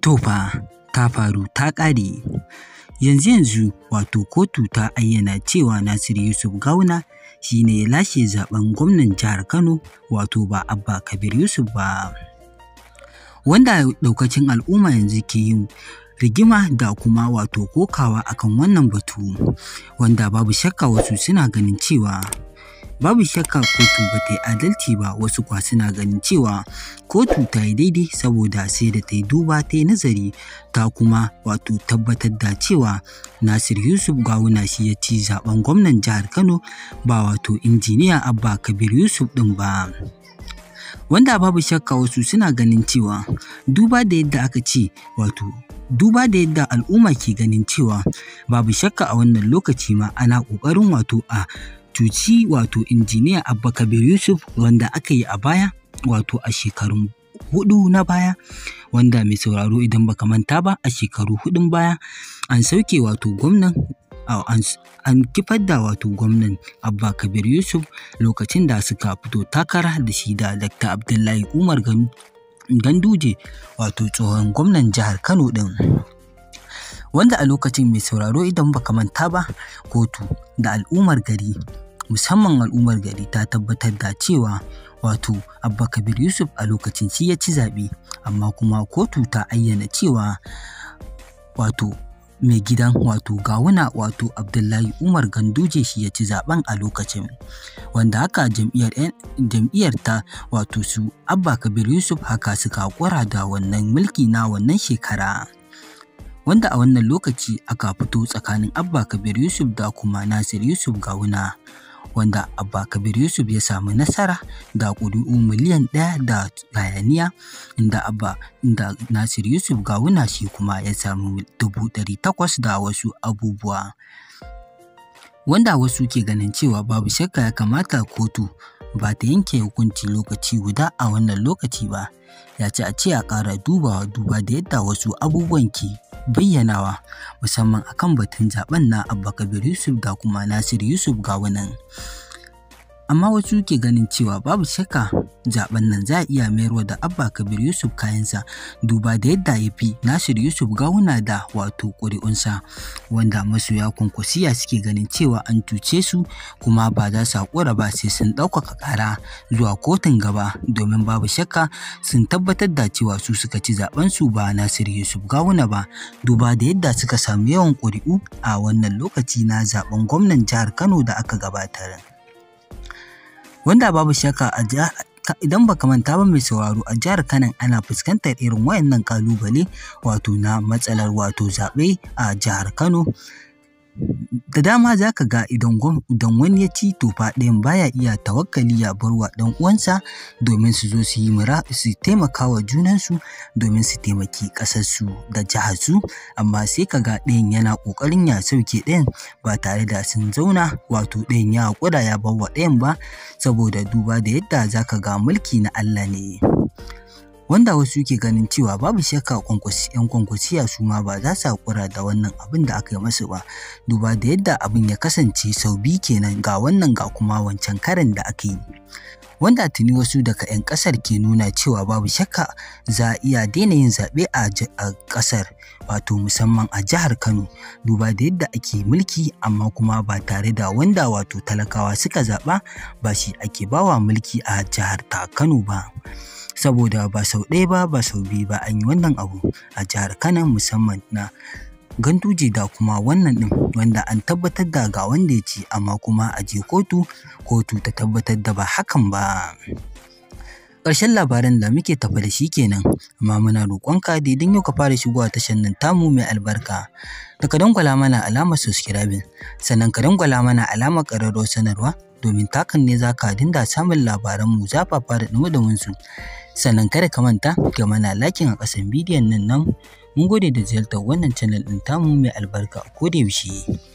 To fa ta faru ta ƙare. Yanzu-yanzu wato kotu ta ayyana cewa Nasiru Yusuf Gauna shi ne ya lashe zaben gwamnan jihar Kano wato ba Abba Kabir Yusuf ba. Wanda ɗaukacin al'umma yanzu ke yin rigima da kuma wato kokawa akan wannan batu wanda babu shakka wasu suna ganin cewa babu shakka kotu ba ta yi adalci ba wasu kwa suna ganin cewa kotu ta yi daidai saboda sai da ta yi duba ta yi nazari ta kuma wato tabbatar da cewa nasir yusuf gawuna shi ya ci zaben gwamnan jihar kano ba wato injiniya abba kabir yusuf din ba wanda babu shakka wasu suna ganin cewa duba da yadda aka ce wato duba da yadda al'umma ke ganin cewa babu shakka a wannan lokaci ma ana ƙoƙarin wato a cuci wato injiniya abba kabir yusuf wanda aka yi a baya wato a shekarun hudu na baya wanda mai sauraro idan baka manta ba a shekaru hudun baya an sauke wato gwamnan an kifar da wato gwamnan abba kabir yusuf lokacin da suka fito takara da shi da dr abdullahi umar ganduje wato tsohon gwamnan jihar kano din wanda a lokacin mai sauraro idan baka manta ba kotu da al'ummar gari musamman al'ummar gari ta tabbatar da cewa wato abba kabir yusuf a lokacin shi ya ci zaɓe amma kuma kotu ta ayyana cewa wato mai gidan wato gawuna wato abdullahi umar ganduje shi ya ci zaben a lokacin wanda haka jam'iyyar ta wato su abba kabir yusuf haka suka kwara da wannan mulki na wannan shekara wanda a wannan lokaci aka fito tsakanin abba kabir yusuf da kuma nasir yusuf gawuna wanda abba kabir yusuf ya samu nasara da ƙuri'u miliyan ɗaya da hayaniya inda abba inda nasir yusuf gawuna shi kuma ya samu dubu ɗari takwas da wasu abubuwa wanda wasu ke ganin cewa babu shakka ya kamata kotu ba ta yanke hukunci lokaci guda a wannan lokaci ba ya ci a ce a ƙara dubawa duba da yadda wasu abubuwan ke bayyanawa musamman akan batun zaben na Abba Kabir Yusuf da kuma Nasir Yusuf Gawunan. amma wasu ke ganin cewa babu shakka zaben nan za a iya mayarwa da abba kabir yusuf kayansa duba da yadda ya fi nasir yusuf gawuna da wato ƙuri'unsa wanda masoya kwankwasiya suke ganin cewa an cuce su kuma ba za su haƙura ba sai sun ɗaukaka ƙara zuwa kotun gaba domin babu shakka sun tabbatar da cewa su suka ci zaben su ba nasir yusuf gawuna ba duba da yadda suka samu yawan ƙuri'u a wannan lokaci na zaben gwamnan jihar kano da aka gabatar wanda babu shakka a idan baka manta ba mai sauraro a jihar Kano ana fuskantar irin wayannan kalubale wato na matsalar wato zaɓe a jihar Kano da dama za ka ga idan wani ya ci to fa ɗayan baya iya tawakkali ya bar wa ɗan uwansa domin su zo su yi mura su taimaka wa junansu domin su taimaki ƙasarsu da jiharsu amma sai ka ga ɗayan yana ƙoƙarin ya sauke ɗayan ba tare da sun zauna wato ɗayan ya haƙura ya bar wa ɗayan ba saboda duba da yadda za ka ga mulki na Allah ne. wanda wasu ke ganin cewa babu shakka kwankwasi yan kwankwasiya su ma ba za su haƙura da wannan abin da aka yi masu ba duba da yadda abin ya kasance sau biyu kenan ga wannan ga kuma wancan karin da aka yi wanda tuni wasu daga 'yan kasar ke nuna cewa babu shakka za a iya daina yin zaɓe a kasar wato musamman a jihar kano duba da yadda ake mulki amma kuma ba tare da wanda wato talakawa suka zaɓa ba shi ake bawa mulki a jihar ta kano ba saboda ba sau ɗaya ba ba sau biyu ba an yi wannan abu a jihar Kano musamman na ganduje da kuma wannan ɗin wanda an tabbatar da ga wanda ya ci amma kuma a je kotu kotu ta tabbatar da ba hakan ba ƙarshen labaran da muke tafa da shi kenan amma muna roƙonka da idan yau ka fara shigowa tashar nan tamu mai albarka da ka dangwala mana alamar subscribing sannan ka dangwala mana alamar ƙararrawar sanarwa domin takan ne za ka dinga samun labaranmu zafafa da ɗumi da su sannan kada ka manta ga mana lakin a ƙasan bidiyon nan nan mun gode da ziyartar wannan channel ɗin tamu mai albarka ko da yaushe